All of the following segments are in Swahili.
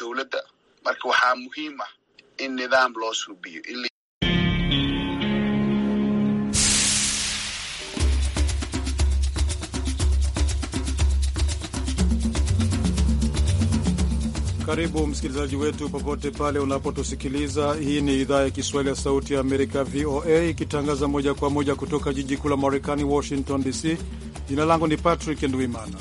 dowladda marka waxaa muhiim ah in nidaam loo suubiyo Karibu msikilizaji wetu popote pale unapotusikiliza. Hii ni idhaa ya Kiswahili ya Sauti ya Amerika, VOA, ikitangaza moja kwa moja kutoka jiji kuu la Marekani, Washington DC. Jina langu ni Patrick Ndwimana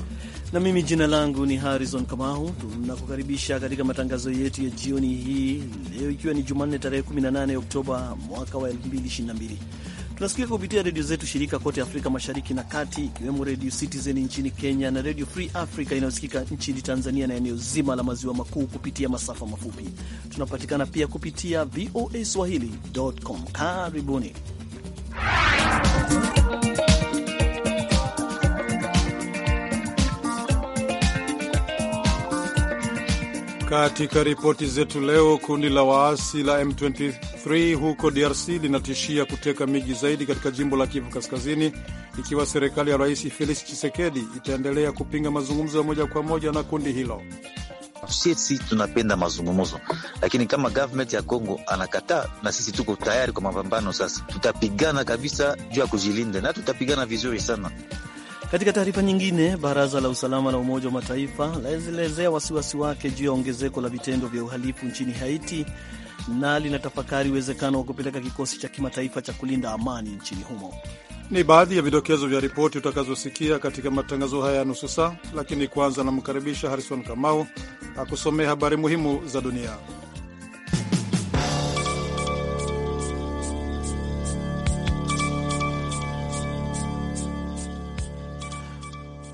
na mimi jina langu ni Harrison Kamau. Tunakukaribisha katika matangazo yetu ya jioni hii leo, ikiwa ni Jumanne tarehe 18 Oktoba mwaka wa 2022. Tunasikia kupitia redio zetu shirika kote Afrika Mashariki na Kati, ikiwemo Redio Citizen nchini Kenya na Redio Free Africa inayosikika nchini Tanzania na eneo zima la maziwa makuu kupitia masafa mafupi. Tunapatikana pia kupitia voa swahili.com. Karibuni Katika ripoti zetu leo, kundi la waasi la M23 huko DRC linatishia kuteka miji zaidi katika jimbo la Kivu Kaskazini ikiwa serikali ya Rais Felix Tshisekedi itaendelea kupinga mazungumzo ya moja kwa moja na kundi hilo. Sisi tunapenda mazungumzo, lakini kama government ya congo anakataa, na sisi tuko tayari kwa mapambano. Sasa tutapigana kabisa juu ya kujilinda, na tutapigana vizuri sana. Katika taarifa nyingine, baraza la usalama la Umoja wa Mataifa laelezea wasiwasi wake juu ya ongezeko la vitendo vya uhalifu nchini Haiti na linatafakari uwezekano wa kupeleka kikosi cha kimataifa cha kulinda amani nchini humo. Ni baadhi ya vidokezo vya ripoti utakazosikia katika matangazo haya ya nusu saa, lakini kwanza anamkaribisha Harrison Kamau akusomea habari muhimu za dunia.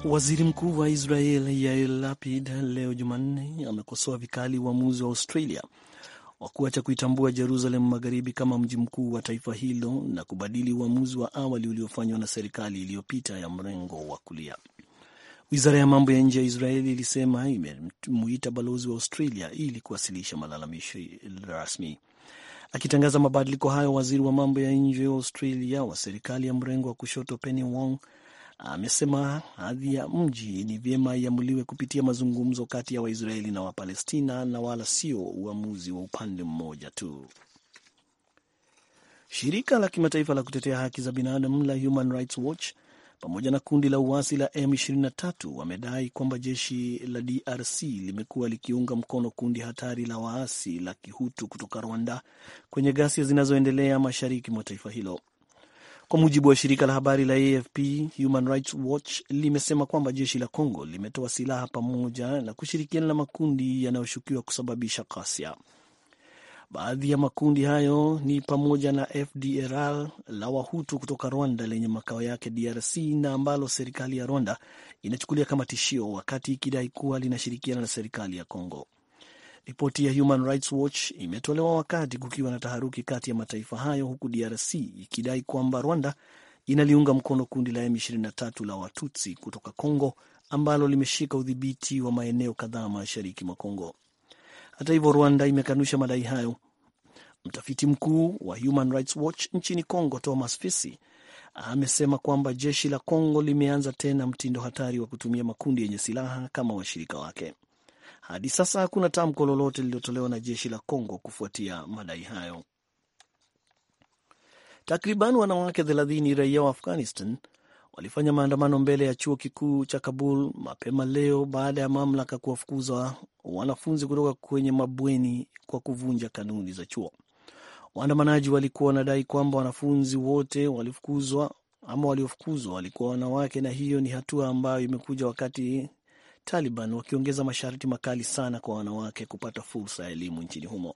Waziri Mkuu wa Israel Yair Lapid leo Jumanne amekosoa vikali uamuzi wa Australia wa kuacha kuitambua Jerusalem Magharibi kama mji mkuu wa taifa hilo na kubadili uamuzi wa awali uliofanywa na serikali iliyopita ya mrengo wa kulia. Wizara ya mambo ya nje ya Israeli ilisema imemuita balozi wa Australia ili kuwasilisha malalamisho rasmi. Akitangaza mabadiliko hayo, waziri wa mambo ya nje wa Australia wa serikali ya mrengo wa kushoto Penny Wong amesema hadhi ya mji ni vyema iamuliwe kupitia mazungumzo kati ya Waisraeli na Wapalestina na wala sio uamuzi wa upande mmoja tu. Shirika la kimataifa la kutetea haki za binadamu la Human Rights Watch pamoja na kundi la uasi la M23 wamedai kwamba jeshi la DRC limekuwa likiunga mkono kundi hatari la waasi la Kihutu kutoka Rwanda kwenye ghasia zinazoendelea mashariki mwa taifa hilo. Kwa mujibu wa shirika la habari la AFP, Human Rights Watch limesema kwamba jeshi la Congo limetoa silaha pamoja na kushirikiana na makundi yanayoshukiwa kusababisha ghasia. Baadhi ya makundi hayo ni pamoja na FDLR la Wahutu kutoka Rwanda lenye makao yake DRC na ambalo serikali ya Rwanda inachukulia kama tishio, wakati ikidai kuwa linashirikiana na serikali ya Congo. Ripoti ya Human Rights Watch imetolewa wakati kukiwa na taharuki kati ya mataifa hayo, huku DRC ikidai kwamba Rwanda inaliunga mkono kundi la M23 la Watutsi kutoka Congo ambalo limeshika udhibiti wa maeneo kadhaa mashariki mwa Congo. Hata hivyo, Rwanda imekanusha madai hayo. Mtafiti mkuu wa Human Rights Watch nchini Congo, Thomas Fisi, amesema kwamba jeshi la Congo limeanza tena mtindo hatari wa kutumia makundi yenye silaha kama washirika wake. Hadi sasa hakuna tamko lolote lililotolewa na jeshi la congo kufuatia madai hayo. Takriban wanawake 30 raia wa Afghanistan walifanya maandamano mbele ya chuo kikuu cha Kabul mapema leo baada ya mamlaka kuwafukuza wanafunzi kutoka kwenye mabweni kwa kuvunja kanuni za chuo. Waandamanaji walikuwa wanadai kwamba wanafunzi wote walifukuzwa ama waliofukuzwa walikuwa wanawake, na hiyo ni hatua ambayo imekuja wakati Taliban wakiongeza masharti makali sana kwa wanawake kupata fursa ya elimu nchini humo.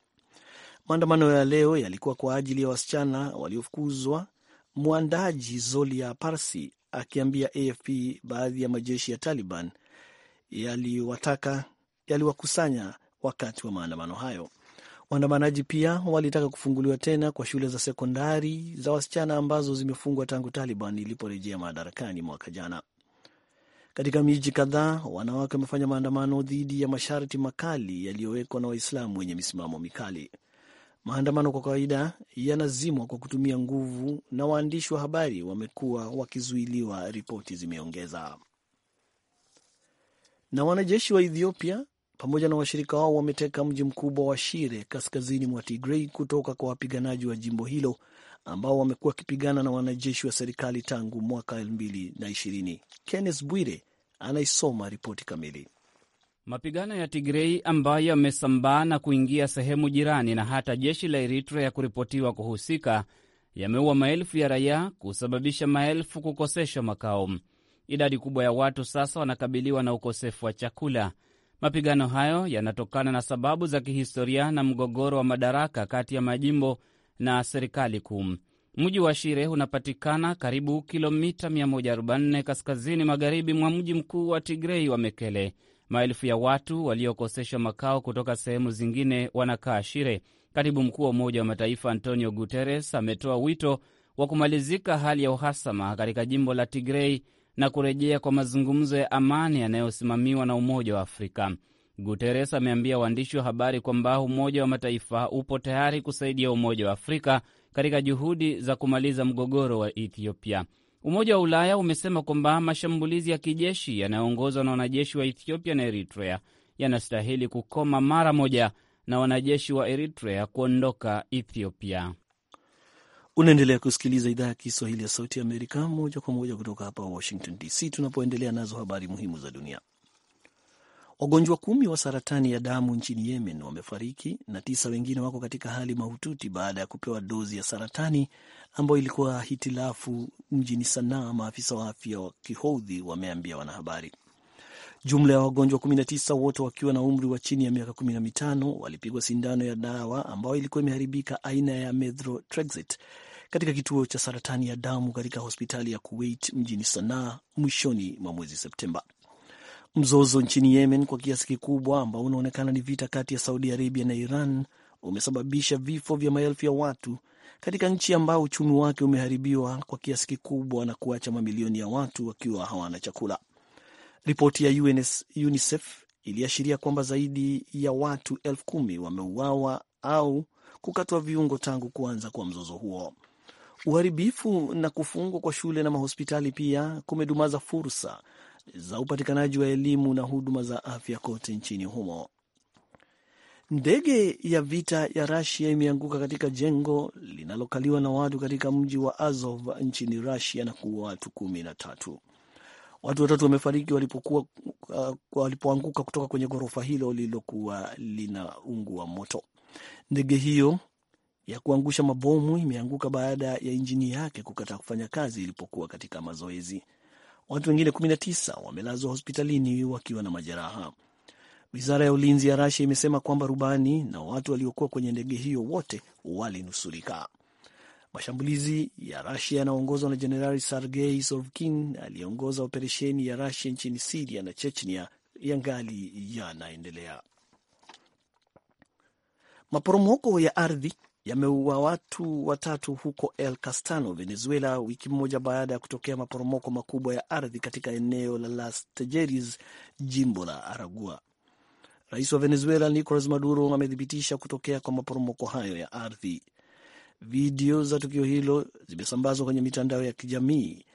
Maandamano ya leo yalikuwa kwa ajili ya wasichana waliofukuzwa, mwandaji Zolia Parsi akiambia AFP baadhi ya majeshi ya Taliban yaliwataka yaliwakusanya wakati wa maandamano hayo. Waandamanaji pia walitaka kufunguliwa tena kwa shule za sekondari za wasichana ambazo zimefungwa tangu Taliban iliporejea madarakani mwaka jana. Katika miji kadhaa, wanawake wamefanya maandamano dhidi ya masharti makali yaliyowekwa na Waislamu wenye misimamo mikali. Maandamano kwa kawaida yanazimwa kwa kutumia nguvu na waandishi wa habari wamekuwa wakizuiliwa, ripoti zimeongeza. Na wanajeshi wa Ethiopia pamoja na washirika wao wameteka mji mkubwa wa Shire kaskazini mwa Tigrei kutoka kwa wapiganaji wa jimbo hilo ambao wamekuwa wakipigana na wanajeshi wa serikali tangu mwaka 2020. Kenneth Bwire anaisoma ripoti kamili. Mapigano ya Tigrei ambayo yamesambaa na kuingia sehemu jirani na hata jeshi la Eritrea kuripotiwa kuhusika yameua maelfu ya raia, kusababisha maelfu kukoseshwa makao. Idadi kubwa ya watu sasa wanakabiliwa na ukosefu wa chakula. Mapigano hayo yanatokana na sababu za kihistoria na mgogoro wa madaraka kati ya majimbo na serikali kuu. Mji wa Shire unapatikana karibu kilomita 14 kaskazini magharibi mwa mji mkuu wa Tigrei wa Mekele. Maelfu ya watu waliokoseshwa makao kutoka sehemu zingine wanakaa Shire. Katibu mkuu wa Umoja wa Mataifa Antonio Guterres ametoa wito wa kumalizika hali ya uhasama katika jimbo la Tigrei na kurejea kwa mazungumzo ya amani yanayosimamiwa na Umoja wa Afrika. Guterres ameambia waandishi wa habari kwamba Umoja wa Mataifa upo tayari kusaidia Umoja wa Afrika katika juhudi za kumaliza mgogoro wa Ethiopia. Umoja wa Ulaya umesema kwamba mashambulizi ya kijeshi yanayoongozwa na wanajeshi wa Ethiopia na Eritrea yanastahili kukoma mara moja na wanajeshi wa Eritrea kuondoka Ethiopia. Unaendelea kusikiliza idhaa ya Kiswahili ya Sauti ya Amerika moja kwa moja kutoka hapa Washington DC, tunapoendelea nazo habari muhimu za dunia. Wagonjwa kumi wa saratani ya damu nchini Yemen wamefariki na tisa wengine wako katika hali mahututi baada ya kupewa dozi ya saratani ambayo ilikuwa hitilafu mjini Sanaa, maafisa wa afya wa Kihoudhi wameambia wanahabari. Jumla ya wagonjwa 19 wote wakiwa na umri wa chini ya miaka 15 walipigwa sindano ya dawa ambayo ilikuwa imeharibika aina ya methotrexate katika kituo cha saratani ya damu katika hospitali ya Kuwait mjini Sanaa mwishoni mwa mwezi Septemba. Mzozo nchini Yemen kwa kiasi kikubwa ambao unaonekana ni vita kati ya Saudi Arabia na Iran umesababisha vifo vya maelfu ya watu katika nchi ambao uchumi wake umeharibiwa kwa kiasi kikubwa na kuacha mamilioni ya watu wakiwa hawana chakula. Ripoti ya UNS, UNICEF iliashiria kwamba zaidi ya watu elfu kumi wameuawa au kukatwa viungo tangu kuanza kwa mzozo huo. Uharibifu na kufungwa kwa shule na mahospitali pia kumedumaza fursa za upatikanaji wa elimu na huduma za afya kote nchini humo. Ndege ya vita ya Rusia imeanguka katika jengo linalokaliwa na watu katika mji wa Azov nchini Rusia na kuua watu kumi na tatu. Watu watatu wamefariki walipokuwa uh, walipoanguka kutoka kwenye ghorofa hilo lililokuwa linaungua moto. Ndege hiyo ya kuangusha mabomu imeanguka baada ya injini yake kukataa kufanya kazi ilipokuwa katika mazoezi watu wengine 19 wamelazwa hospitalini wakiwa na majeraha. Wizara ya ulinzi ya Rasia imesema kwamba rubani na watu waliokuwa kwenye ndege hiyo wote walinusurika. Mashambulizi ya Rasia yanaongozwa na Jenerali Sergei Sovkin aliyeongoza operesheni ya Rasia nchini Siria na Chechnia yangali yanaendelea. Maporomoko ya ardhi yameua watu watatu huko El Castano, Venezuela, wiki moja baada ya kutokea maporomoko makubwa ya ardhi katika eneo la Las Tejeris, jimbo la Aragua. Rais wa Venezuela Nicolas Maduro amethibitisha kutokea kwa maporomoko hayo ya ardhi. Video za tukio hilo zimesambazwa kwenye mitandao ya kijamii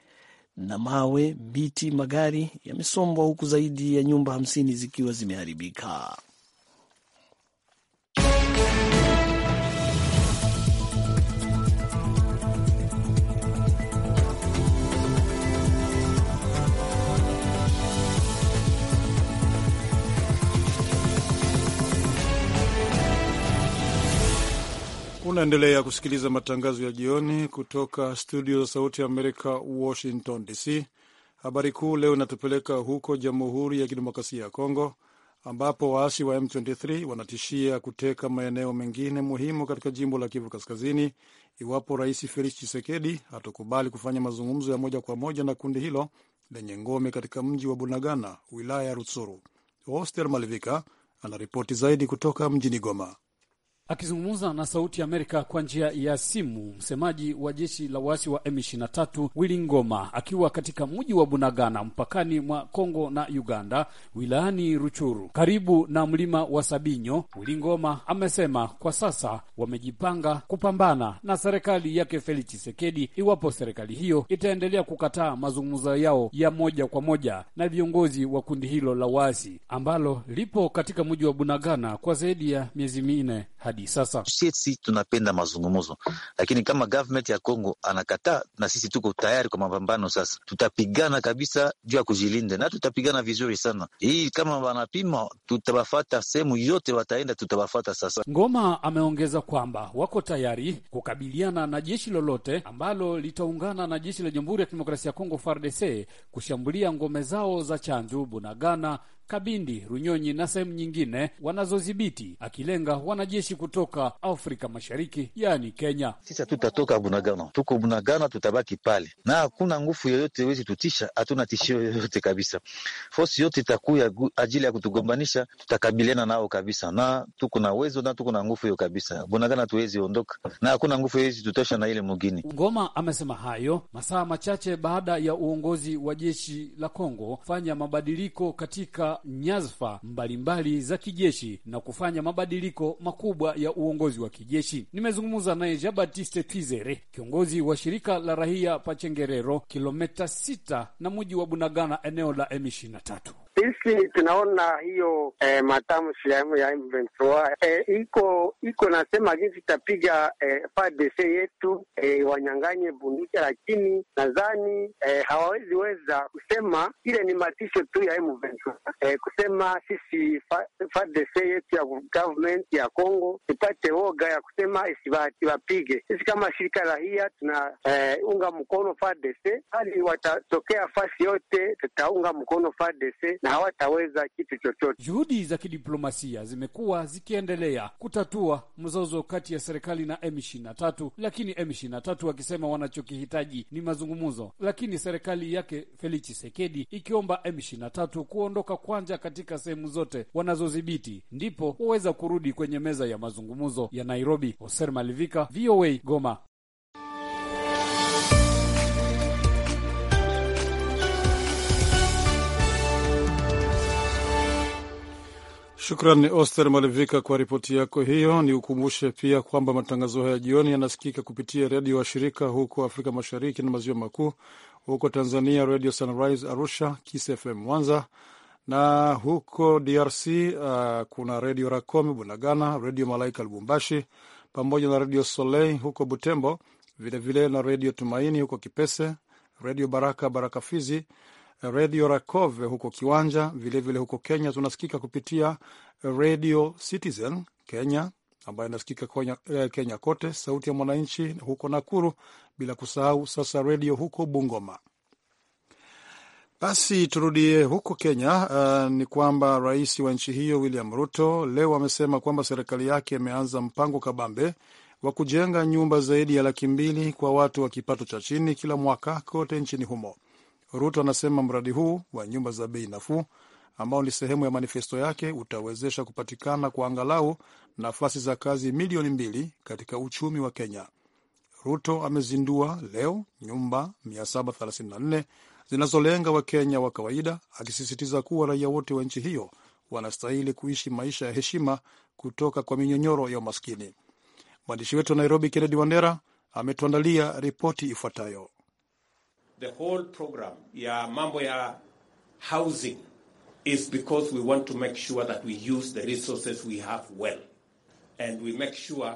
na mawe, miti, magari yamesombwa huku zaidi ya nyumba hamsini zikiwa zimeharibika. Unaendelea kusikiliza matangazo ya jioni kutoka studio za Sauti ya Amerika, Washington DC. Habari kuu leo inatupeleka huko Jamhuri ya Kidemokrasia ya Kongo, ambapo waasi wa M23 wanatishia kuteka maeneo mengine muhimu katika jimbo la Kivu Kaskazini iwapo Rais Felix Tshisekedi hatokubali kufanya mazungumzo ya moja kwa moja na kundi hilo lenye ngome katika mji wa Bunagana, wilaya ya Rutsuru. Oster Malivika anaripoti zaidi kutoka mjini Goma. Akizungumza na Sauti ya Amerika kwa njia ya simu, msemaji wa jeshi la waasi wa M23 Willy Ngoma akiwa katika mji wa Bunagana mpakani mwa Kongo na Uganda, wilayani Ruchuru karibu na mlima wa Sabinyo, Willy Ngoma amesema kwa sasa wamejipanga kupambana na serikali yake Felix Tshisekedi iwapo serikali hiyo itaendelea kukataa mazungumzo yao ya moja kwa moja na viongozi wa kundi hilo la waasi ambalo lipo katika mji wa Bunagana kwa zaidi ya miezi minne hadi sasa. Sisi tunapenda mazungumzo, lakini kama government ya Kongo anakataa, na sisi tuko tayari kwa mapambano. Sasa tutapigana kabisa juu ya kujilinda, na tutapigana vizuri sana. Hii kama wanapima, tutawafata sehemu yote wataenda, tutawafata. Sasa Ngoma ameongeza kwamba wako tayari kukabiliana na jeshi lolote ambalo litaungana na jeshi la Jamhuri ya Kidemokrasia ya Kongo FARDC kushambulia ngome zao za Chanju, Bunagana Kabindi, Runyonyi na sehemu nyingine wanazodhibiti, akilenga wanajeshi kutoka Afrika Mashariki, yaani Kenya. Sisi hatutatoka Bunagana, tuko Bunagana, tutabaki pale na hakuna nguvu yoyote wezi tutisha, hatuna tishio yoyote kabisa. Fosi yote itakuya ajili ya kutugombanisha, tutakabiliana nao kabisa, na tuko na uwezo na tuko na nguvu hiyo kabisa. Bunagana tuwezi ondoka na hakuna nguvu yoyote tutosha na ile mugini. Ngoma amesema hayo masaa machache baada ya uongozi wa jeshi la Kongo fanya mabadiliko katika nyazfa mbalimbali za kijeshi na kufanya mabadiliko makubwa ya uongozi wa kijeshi. Nimezungumza naye Jean Baptiste Twizere, kiongozi wa shirika la rahia Pachengerero, kilometa sita na mji wa Bunagana, eneo la M23. Sisi tunaona hiyo eh, matamshi ya M23 eh, iko iko nasema jinsi itapiga eh, FARDC yetu eh, wanyanganye bunduki, lakini nadhani eh, hawawezi weza kusema ile ni matisho tu ya M23 eh, kusema sisi FARDC yetu ya government ya Congo tupate woga ya kusema wapige Sisi kama shirika hiya tunaunga eh, mkono FARDC, hali watatokea fasi yote tutaunga mkono FARDC na hawataweza kitu chochote. Juhudi za kidiplomasia zimekuwa zikiendelea kutatua mzozo kati ya serikali na M23, lakini M23 wakisema wanachokihitaji ni mazungumzo, lakini serikali yake Felix Tshisekedi ikiomba M23 kuondoka kwanza katika sehemu zote wanazodhibiti, ndipo waweza kurudi kwenye meza ya mazungumzo ya Nairobi. Hoser Malivika, VOA, Goma. shukran Oster Malivika kwa ripoti yako hiyo. Ni ukumbushe pia kwamba matangazo haya jioni yanasikika kupitia redio washirika huko Afrika Mashariki na Maziwa Makuu. Huko Tanzania, Radio Sunrise Arusha, Kiss FM Mwanza, na huko DRC uh, kuna Redio Racomi Bunagana, Redio Malaika Lubumbashi, pamoja na Redio Soleil huko Butembo, vilevile vile na Redio Tumaini huko Kipese, Redio Baraka Baraka Fizi redio Rakov huko Kiwanja, vilevile vile huko Kenya tunasikika kupitia redio Citizen Kenya ambayo inasikika Kenya, eh, Kenya kote, sauti ya mwananchi huko Nakuru, bila kusahau sasa redio huko Bungoma. Basi turudie huko Kenya. Uh, ni kwamba rais wa nchi hiyo William Ruto leo amesema kwamba serikali yake imeanza mpango kabambe wa kujenga nyumba zaidi ya laki mbili kwa watu wa kipato cha chini kila mwaka kote nchini humo. Ruto anasema mradi huu wa nyumba za bei nafuu ambao ni sehemu ya manifesto yake utawezesha kupatikana kwa angalau nafasi za kazi milioni mbili katika uchumi wa Kenya. Ruto amezindua leo nyumba 734 zinazolenga Wakenya wa kawaida, akisisitiza kuwa raia wote wa nchi hiyo wanastahili kuishi maisha ya heshima kutoka kwa minyonyoro ya umaskini. Mwandishi wetu wa Nairobi, Kennedy Wandera, ametuandalia ripoti ifuatayo the whole program ya mambo ya housing is because we want to make sure that we use the resources we have well and we make sure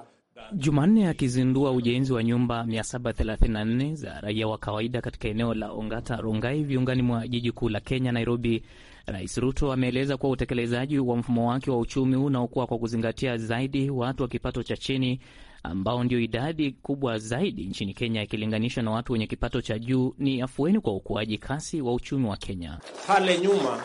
Jumanne akizindua ujenzi wa nyumba 734 za raia wa kawaida katika eneo la Ongata Rongai, viungani mwa jiji kuu la Kenya, Nairobi, Rais Ruto ameeleza kuwa utekelezaji wa mfumo wake wa uchumi unaokuwa kwa kuzingatia zaidi watu wa kipato cha chini ambao ndio idadi kubwa zaidi nchini Kenya ikilinganishwa na watu wenye kipato cha juu, ni afueni kwa ukuaji kasi wa uchumi wa Kenya. Pale nyuma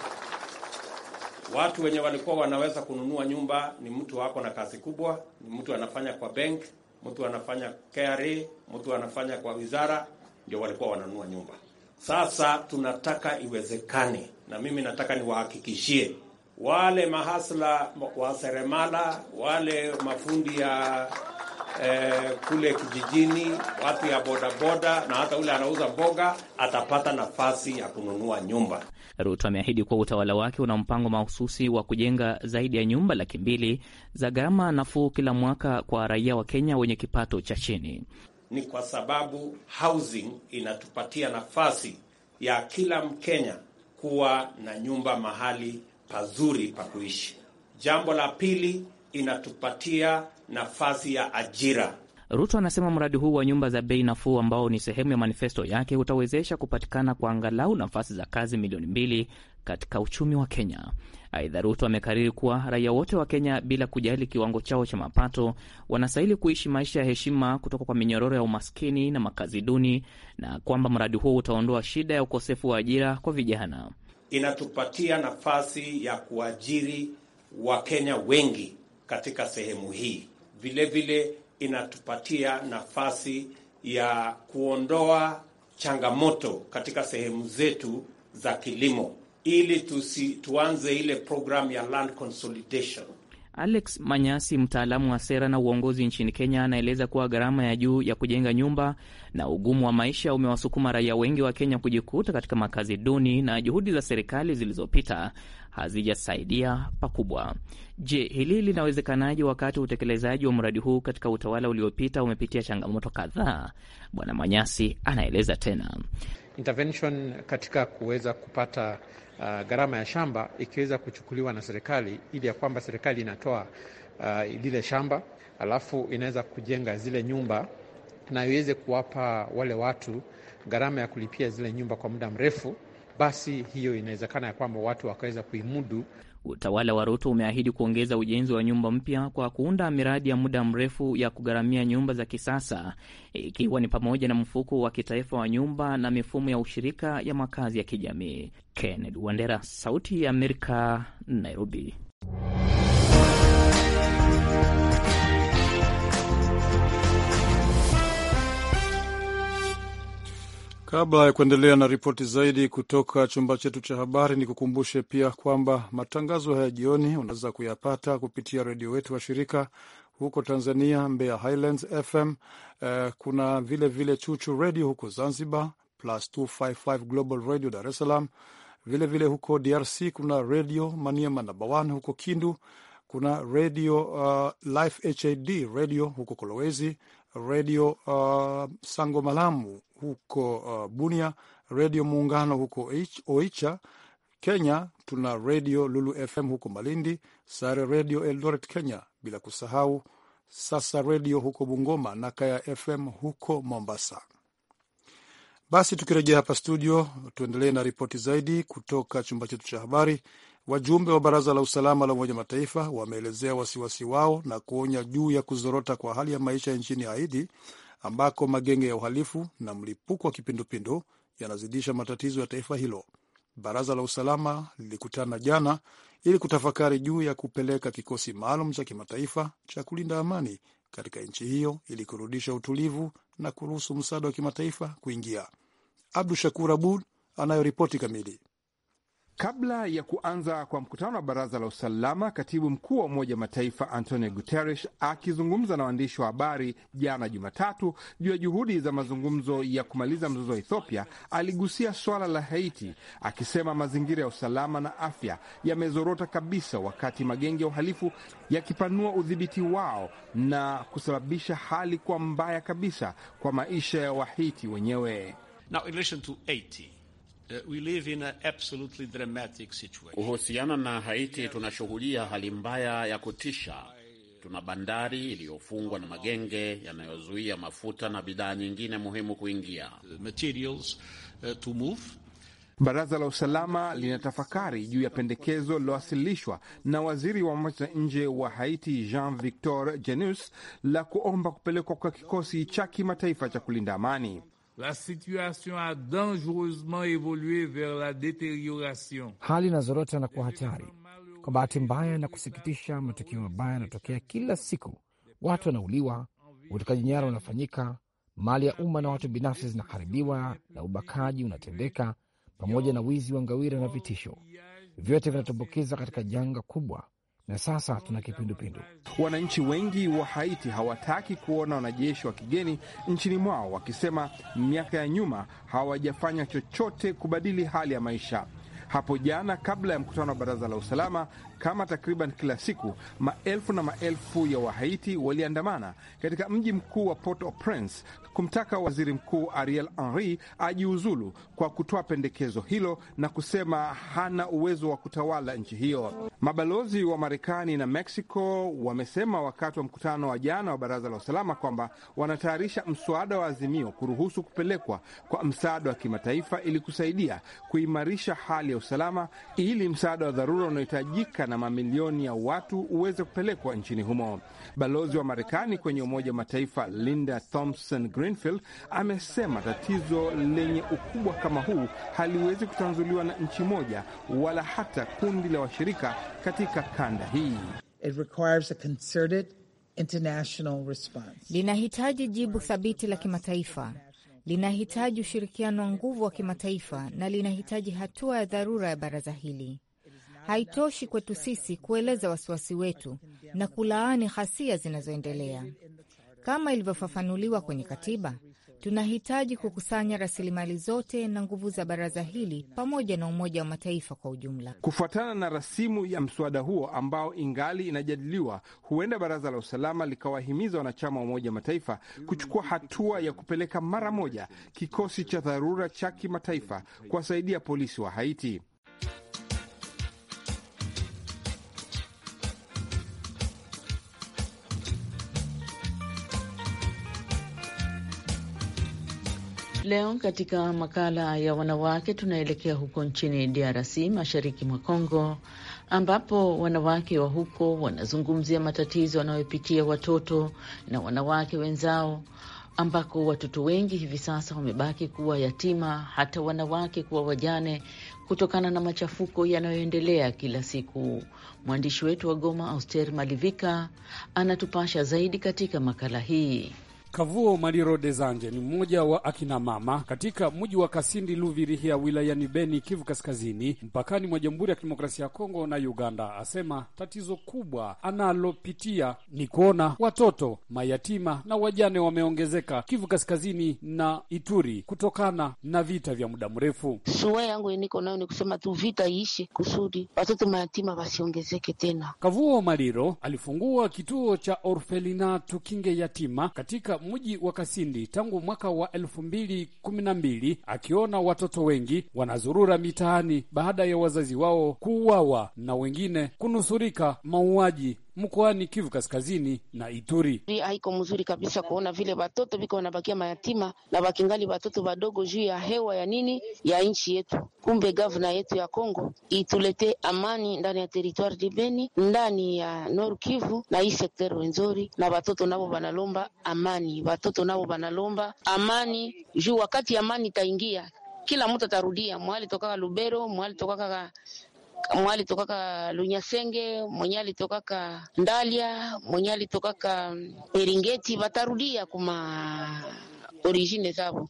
watu wenye walikuwa wanaweza kununua nyumba ni mtu wako na kazi kubwa, ni mtu anafanya kwa bank, mtu anafanya KRA, mtu anafanya kwa wizara, ndio walikuwa wananunua nyumba. Sasa tunataka iwezekane, na mimi nataka niwahakikishie wale mahasla wa seremala, wale mafundi ya eh, kule kijijini, watu ya bodaboda na hata ule anauza mboga atapata nafasi ya kununua nyumba. Ruto ameahidi kuwa utawala wake una mpango mahususi wa kujenga zaidi ya nyumba laki mbili za gharama nafuu kila mwaka kwa raia wa Kenya wenye kipato cha chini. Ni kwa sababu housing inatupatia nafasi ya kila Mkenya kuwa na nyumba mahali pazuri pa kuishi. Jambo la pili inatupatia nafasi ya ajira. Ruto anasema mradi huu wa nyumba za bei nafuu ambao ni sehemu ya manifesto yake utawezesha kupatikana kwa angalau nafasi za kazi milioni mbili katika uchumi wa Kenya. Aidha, Ruto amekariri kuwa raia wote wa Kenya, bila kujali kiwango chao cha mapato, wanastahili kuishi maisha ya heshima kutoka kwa minyororo ya umaskini na makazi duni, na kwamba mradi huo utaondoa shida ya ukosefu wa ajira kwa vijana. Inatupatia nafasi ya kuajiri Wakenya wengi katika sehemu hii. Vilevile inatupatia nafasi ya kuondoa changamoto katika sehemu zetu za kilimo ili tusi, tuanze ile programu ya land consolidation Alex Manyasi, mtaalamu wa sera na uongozi nchini Kenya, anaeleza kuwa gharama ya juu ya kujenga nyumba na ugumu wa maisha umewasukuma raia wengi wa Kenya kujikuta katika makazi duni na juhudi za serikali zilizopita hazijasaidia pakubwa. Je, hili linawezekanaje wakati utekelezaji wa mradi huu katika utawala uliopita umepitia changamoto kadhaa? Bwana Manyasi anaeleza tena intervention katika kuweza kupata uh, gharama ya shamba ikiweza kuchukuliwa na serikali, ili ya kwamba serikali inatoa uh, lile shamba alafu inaweza kujenga zile nyumba na iweze kuwapa wale watu gharama ya kulipia zile nyumba kwa muda mrefu, basi hiyo inawezekana ya kwamba watu wakaweza kuimudu. Utawala wa Ruto umeahidi kuongeza ujenzi wa nyumba mpya kwa kuunda miradi ya muda mrefu ya kugharamia nyumba za kisasa, ikiwa ni pamoja na mfuko wa kitaifa wa nyumba na mifumo ya ushirika ya makazi ya kijamii. Kennedy Wandera, Sauti ya Amerika, Nairobi. Kabla ya kuendelea na ripoti zaidi kutoka chumba chetu cha habari, ni kukumbushe pia kwamba matangazo haya jioni unaweza kuyapata kupitia redio wetu wa shirika huko Tanzania, Mbeya Highlands FM. Eh, kuna vilevile vile Chuchu Redio huko Zanzibar, plus 255 Global Radio Dar es Salaam. Vilevile huko DRC kuna Redio Maniema namb1 huko Kindu kuna redio uh, Life HAD radio huko Kolwezi, redio uh, Sango Malamu huko uh, Bunia, redio Muungano huko Oicha, Kenya. Tuna redio Lulu FM huko Malindi, Sare redio Eldoret Kenya, bila kusahau sasa redio huko Bungoma na Kaya FM huko Mombasa. Basi tukirejea hapa studio, tuendelee na ripoti zaidi kutoka chumba chetu cha habari. Wajumbe wa Baraza la Usalama la Umoja Mataifa wameelezea wasiwasi wao na kuonya juu ya kuzorota kwa hali ya maisha nchini Haiti ambako magenge ya uhalifu na mlipuko wa kipindupindu yanazidisha matatizo ya taifa hilo. Baraza la Usalama lilikutana jana ili kutafakari juu ya kupeleka kikosi maalum cha kimataifa cha kulinda amani katika nchi hiyo ili kurudisha utulivu na kuruhusu msaada wa kimataifa kuingia. Abdu Shakur Abud anayo ripoti kamili. Kabla ya kuanza kwa mkutano wa baraza la usalama, katibu mkuu wa Umoja wa Mataifa Antonio Guterres akizungumza na waandishi wa habari jana Jumatatu juu ya juhudi za mazungumzo ya kumaliza mzozo wa Ethiopia aligusia swala la Haiti akisema mazingira ya usalama na afya yamezorota kabisa, wakati magenge ya uhalifu yakipanua udhibiti wao na kusababisha hali kuwa mbaya kabisa kwa maisha ya Wahiti wenyewe. Now, in relation to Haiti Eh, Kuhusiana na Haiti, tunashuhudia hali mbaya ya kutisha. Tuna bandari iliyofungwa na magenge yanayozuia mafuta na bidhaa nyingine muhimu kuingia. Eh, Baraza la Usalama linatafakari juu ya pendekezo lilowasilishwa na waziri wa mambo ya nje wa Haiti Jean Victor jenus la kuomba kupelekwa kwa kikosi cha kimataifa cha kulinda amani. La situation a dangereusement evolue vers la deterioration. Hali inazorota na kuwa hatari. Kwa bahati mbaya na kusikitisha, matukio mabaya yanatokea kila siku. Watu wanauliwa, utekaji nyara unafanyika, mali ya umma na watu binafsi zinaharibiwa, na ubakaji unatendeka, pamoja na wizi wa ngawira na vitisho. Vyote vinatumbukiza katika janga kubwa na sasa tuna kipindupindu. Wananchi wengi wa Haiti hawataki kuona wanajeshi wa kigeni nchini mwao, wakisema miaka ya nyuma hawajafanya chochote kubadili hali ya maisha. Hapo jana kabla ya mkutano wa baraza la usalama, kama takriban kila siku, maelfu na maelfu ya Wahaiti waliandamana katika mji mkuu wa Port au Prince kumtaka waziri mkuu Ariel Henry ajiuzulu kwa kutoa pendekezo hilo na kusema hana uwezo wa kutawala nchi hiyo. Mabalozi wa Marekani na Mexico wamesema wakati wa mkutano wa jana wa Baraza la Usalama kwamba wanatayarisha mswada wa azimio kuruhusu kupelekwa kwa msaada wa kimataifa ili kusaidia kuimarisha hali ya usalama ili msaada wa dharura unaohitajika na mamilioni ya watu uweze kupelekwa nchini humo. Balozi wa Marekani kwenye Umoja wa Mataifa Linda Thompson Greenfield amesema tatizo lenye ukubwa kama huu haliwezi kutanzuliwa na nchi moja wala hata kundi la washirika katika kanda hii. It requires a concerted international response. Linahitaji jibu thabiti la kimataifa, linahitaji ushirikiano wa nguvu wa kimataifa na linahitaji hatua ya dharura ya baraza hili. Haitoshi kwetu sisi kueleza wasiwasi wetu na kulaani ghasia zinazoendelea. Kama ilivyofafanuliwa kwenye katiba, tunahitaji kukusanya rasilimali zote na nguvu za baraza hili pamoja na Umoja wa Mataifa kwa ujumla. Kufuatana na rasimu ya mswada huo ambao ingali inajadiliwa, huenda Baraza la Usalama likawahimiza wanachama wa Umoja wa Mataifa kuchukua hatua ya kupeleka mara moja kikosi cha dharura cha kimataifa kuwasaidia polisi wa Haiti. Leo katika makala ya wanawake tunaelekea huko nchini DRC, mashariki mwa Kongo, ambapo wanawake wa huko wanazungumzia matatizo wanayopitia watoto na wanawake wenzao, ambako watoto wengi hivi sasa wamebaki kuwa yatima, hata wanawake kuwa wajane kutokana na machafuko yanayoendelea kila siku. Mwandishi wetu wa Goma, Auster Malivika, anatupasha zaidi katika makala hii. Kavuo Maliro Dezanje ni mmoja wa akinamama katika mji wa Kasindi Luvirihia wilayani Beni, Kivu Kaskazini, mpakani mwa Jamhuri ya Kidemokrasia ya Kongo na Uganda. Asema tatizo kubwa analopitia ni kuona watoto mayatima na wajane wameongezeka Kivu Kaskazini na Ituri kutokana na vita vya muda mrefu. Sua yangu niko nayo ni kusema tu vita iishi kusudi watoto mayatima wasiongezeke tena. Kavuo Maliro alifungua kituo cha orfelina tukinge yatima katika mji wa Kasindi tangu mwaka wa elfu mbili kumi na mbili akiona watoto wengi wanazurura mitaani baada ya wazazi wao kuuawa na wengine kunusurika mauaji mkoani Kivu Kaskazini na Ituri. Haiko mzuri kabisa kuona vile watoto viko wanabakia mayatima na wakingali watoto wadogo juu ya hewa ya nini ya nchi yetu. Kumbe gavana yetu ya Kongo ituletee amani ndani ya teritwari di Beni, ndani ya nor Kivu na hii sekter wenzori, na watoto navo wanalomba amani, watoto navo wanalomba amani juu wakati amani itaingia kila mtu atarudia mwali tokaka Lubero, mwali tokaka mwenye alitokaka Lunyasenge, mwenye alitokaka Ndalia, mwenye alitokaka Eringeti, watarudia kuma origine zabo.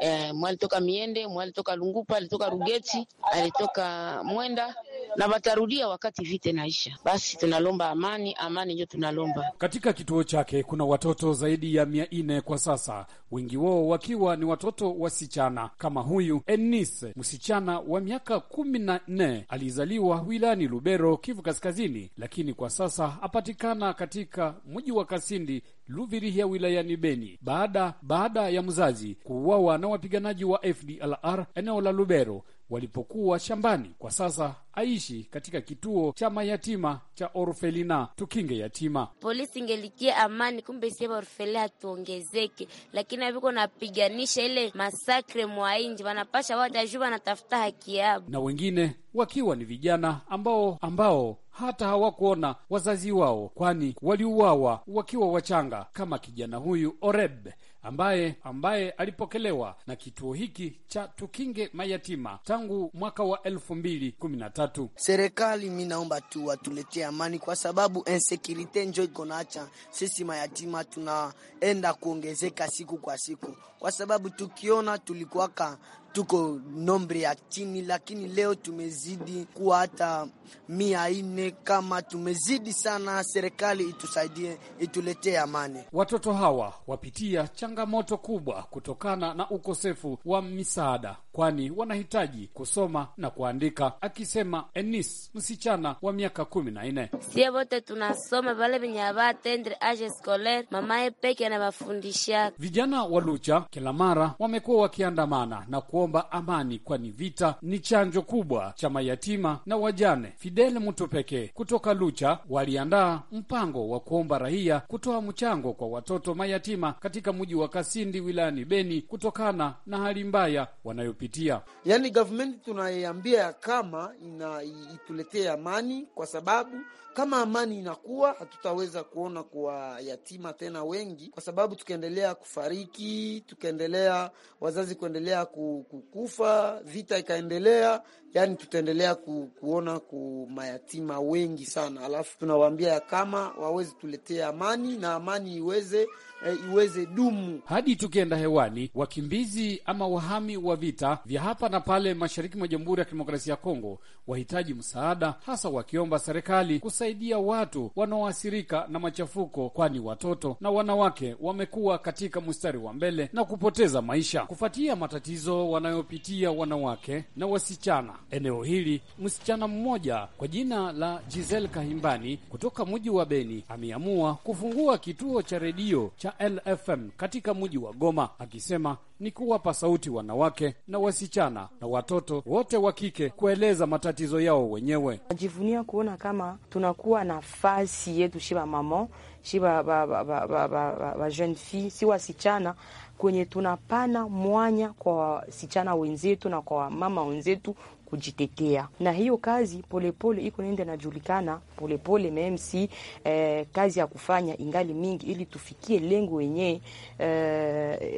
E, eh, mwalitoka Miende, mwalitoka Lungupa, alitoka Rugeti, alitoka Mwenda na watarudia wakati vita naisha Basi tunalomba amani, amani ndio tunalomba. Katika kituo chake kuna watoto zaidi ya mia nne kwa sasa, wengi wao wakiwa ni watoto wasichana, kama huyu Enise, msichana wa miaka kumi na nne alizaliwa wilayani Lubero, Kivu Kaskazini, lakini kwa sasa apatikana katika mji wa Kasindi Luvirihia wilayani Beni baada baada ya mzazi kuuawa na wapiganaji wa FDLR eneo la Lubero walipokuwa shambani. Kwa sasa aishi katika kituo cha mayatima cha Orfelina Tukinge Yatima. Polisi ingelikia amani, kumbe sieba orfele hatuongezeke, lakini aviko napiganisha ile masakre mwainji wanapasha watajua wanatafuta haki yabo, na wengine wakiwa ni vijana ambao ambao hata hawakuona wazazi wao, kwani waliuawa wakiwa wachanga kama kijana huyu Oreb ambaye ambaye alipokelewa na kituo hiki cha Tukinge Mayatima tangu mwaka wa elfu mbili kumi na tatu. Serikali mi naomba tu watuletee amani, kwa sababu insekirite njo iko naacha sisi mayatima tunaenda kuongezeka siku kwa siku, kwa sababu tukiona tulikuwaka tuko nombre ya chini, lakini leo tumezidi kuwa hata mia nne kama tumezidi sana. Serikali itusaidie, ituletee amani. Watoto hawa wapitia changamoto kubwa kutokana na ukosefu wa misaada kwani wanahitaji kusoma na kuandika, akisema Enis, msichana wa miaka kumi na nne. Sie wote tunasoma vale venye avatendre age scolaire, mamaye peke anavafundisha. Vijana wa Lucha kila mara wamekuwa wakiandamana na kuomba amani, kwani vita ni chanjo kubwa cha mayatima na wajane. Fidel mtu pekee kutoka Lucha waliandaa mpango wa kuomba raia kutoa mchango kwa watoto mayatima katika mji wa Kasindi wilayani Beni kutokana na hali mbaya wanayo kupitia. Yani gavumenti tunaiambia ya kama ina ituletee amani, kwa sababu kama amani inakuwa, hatutaweza kuona kuwa yatima tena wengi, kwa sababu tukiendelea kufariki, tukiendelea wazazi kuendelea kukufa, vita ikaendelea, yani tutaendelea ku, kuona ku mayatima wengi sana. Alafu tunawaambia ya kama wawezi tuletee amani na amani iweze e, iweze dumu hadi tukienda hewani. Wakimbizi ama wahami wa vita vya hapa na pale mashariki mwa Jamhuri ya Kidemokrasia ya Kongo wahitaji msaada, hasa wakiomba serikali kusaidia watu wanaoathirika na machafuko, kwani watoto na wanawake wamekuwa katika mstari wa mbele na kupoteza maisha kufuatia matatizo wanayopitia wanawake na wasichana eneo hili. Msichana mmoja kwa jina la Giselle Kahimbani kutoka mji wa Beni ameamua kufungua kituo cha redio cha na LFM katika mji wa Goma, akisema ni kuwapa sauti wanawake na wasichana na watoto wote wa kike kueleza matatizo yao wenyewe. Najivunia kuona kama tunakuwa nafasi yetu shiba mama shiba ba, ba, ba, ba, ba, ba jeune fille si wasichana kwenye tunapana mwanya kwa wasichana wenzetu na kwa wamama wenzetu kujitetea, na hiyo kazi polepole iko naenda najulikana polepole mmc eh, kazi ya kufanya ingali mingi ili tufikie lengo wenyewe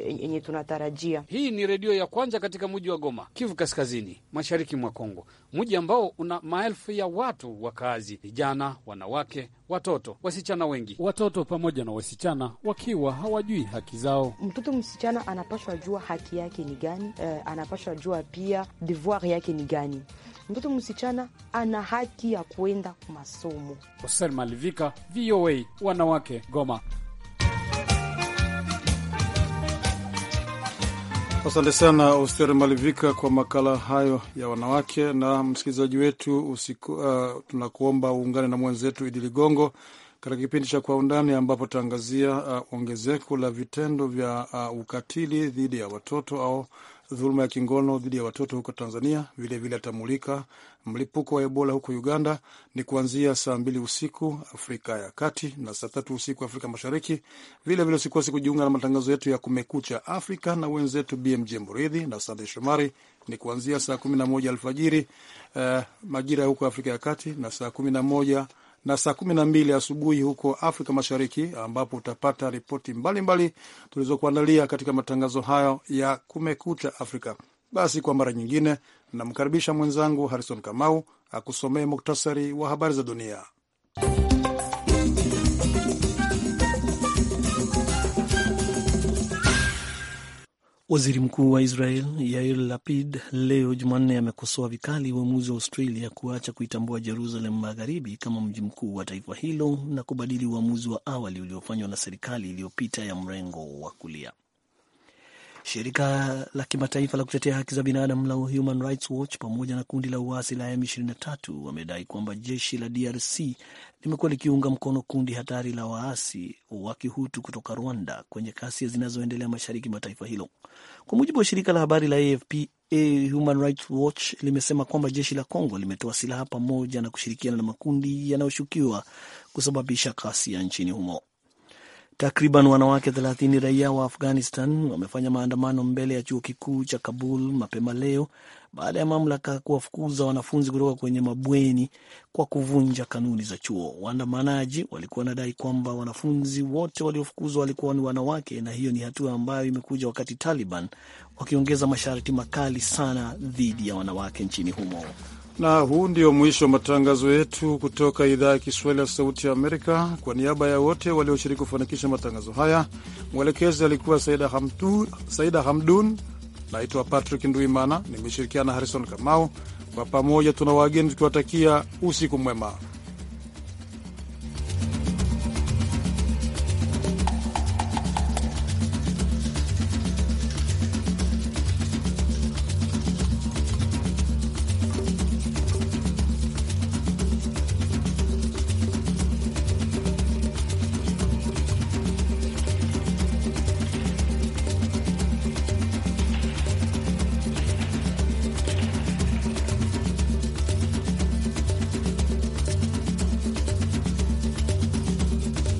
yenye eh, tunatarajia. Hii ni redio ya kwanza katika mji wa Goma, Kivu Kaskazini, mashariki mwa Kongo mji ambao una maelfu ya watu wakazi, vijana, wanawake, watoto, wasichana wengi, watoto pamoja na wasichana wakiwa hawajui haki zao. Mtoto msichana anapashwa jua haki yake ni gani, eh, anapashwa jua pia devoir yake ni gani. Mtoto msichana ana haki ya kuenda masomo. Hoser Malivika, VOA Wanawake, Goma. Asante sana Usteri Malivika kwa makala hayo ya wanawake. Na msikilizaji wetu usiku, uh, tunakuomba uungane na mwenzetu Idi Ligongo katika kipindi cha Kwa Undani ambapo tutaangazia uh, ongezeko la vitendo vya uh, ukatili dhidi ya watoto au dhuluma ya kingono dhidi ya watoto huko Tanzania. Vilevile atamulika mlipuko wa Ebola huko Uganda. Ni kuanzia saa mbili usiku Afrika ya Kati na saa tatu usiku Afrika Mashariki. Vilevile usikose kujiunga na matangazo yetu ya Kumekucha Afrika na wenzetu BMJ Mridhi na Sandey Shomari ni kuanzia saa kumi na moja alfajiri uh, majira ya huko Afrika ya Kati na saa kumi na moja na saa kumi na mbili asubuhi huko Afrika Mashariki, ambapo utapata ripoti mbalimbali tulizokuandalia katika matangazo hayo ya Kumekucha Afrika. Basi kwa mara nyingine, namkaribisha mwenzangu Harrison Kamau akusomee muktasari wa habari za dunia. Waziri Mkuu wa Israel Yair Lapid leo Jumanne amekosoa vikali uamuzi wa Australia kuacha kuitambua Jerusalem Magharibi kama mji mkuu wa taifa hilo na kubadili uamuzi wa awali uliofanywa na serikali iliyopita ya mrengo wa kulia. Shirika la kimataifa la kutetea haki za binadamu la Human Rights Watch pamoja na kundi la uasi la M23 wamedai kwamba jeshi la DRC limekuwa likiunga mkono kundi hatari la waasi wa kihutu kutoka Rwanda kwenye kasia zinazoendelea mashariki mwa taifa hilo. Kwa mujibu wa shirika la habari la AFP, Human Rights Watch limesema kwamba jeshi la congo limetoa silaha pamoja na kushirikiana na makundi yanayoshukiwa kusababisha kasia nchini humo. Takriban wanawake 30 raia wa Afghanistan wamefanya maandamano mbele ya chuo kikuu cha Kabul mapema leo baada ya mamlaka kuwafukuza wanafunzi kutoka kwenye mabweni kwa kuvunja kanuni za chuo. Waandamanaji walikuwa wanadai kwamba wanafunzi wote waliofukuzwa walikuwa ni wanawake, na hiyo ni hatua ambayo imekuja wakati Taliban wakiongeza masharti makali sana dhidi ya wanawake nchini humo. Na huu ndio mwisho wa matangazo yetu kutoka idhaa ya Kiswahili ya Sauti ya Amerika. Kwa niaba ya wote walioshiriki kufanikisha matangazo haya, mwelekezi alikuwa Saida, Hamdu, Saida Hamdun. Naitwa Patrick Nduimana, nimeshirikiana Harrison Kamau. Kwa pamoja tuna wageni tukiwatakia usiku mwema.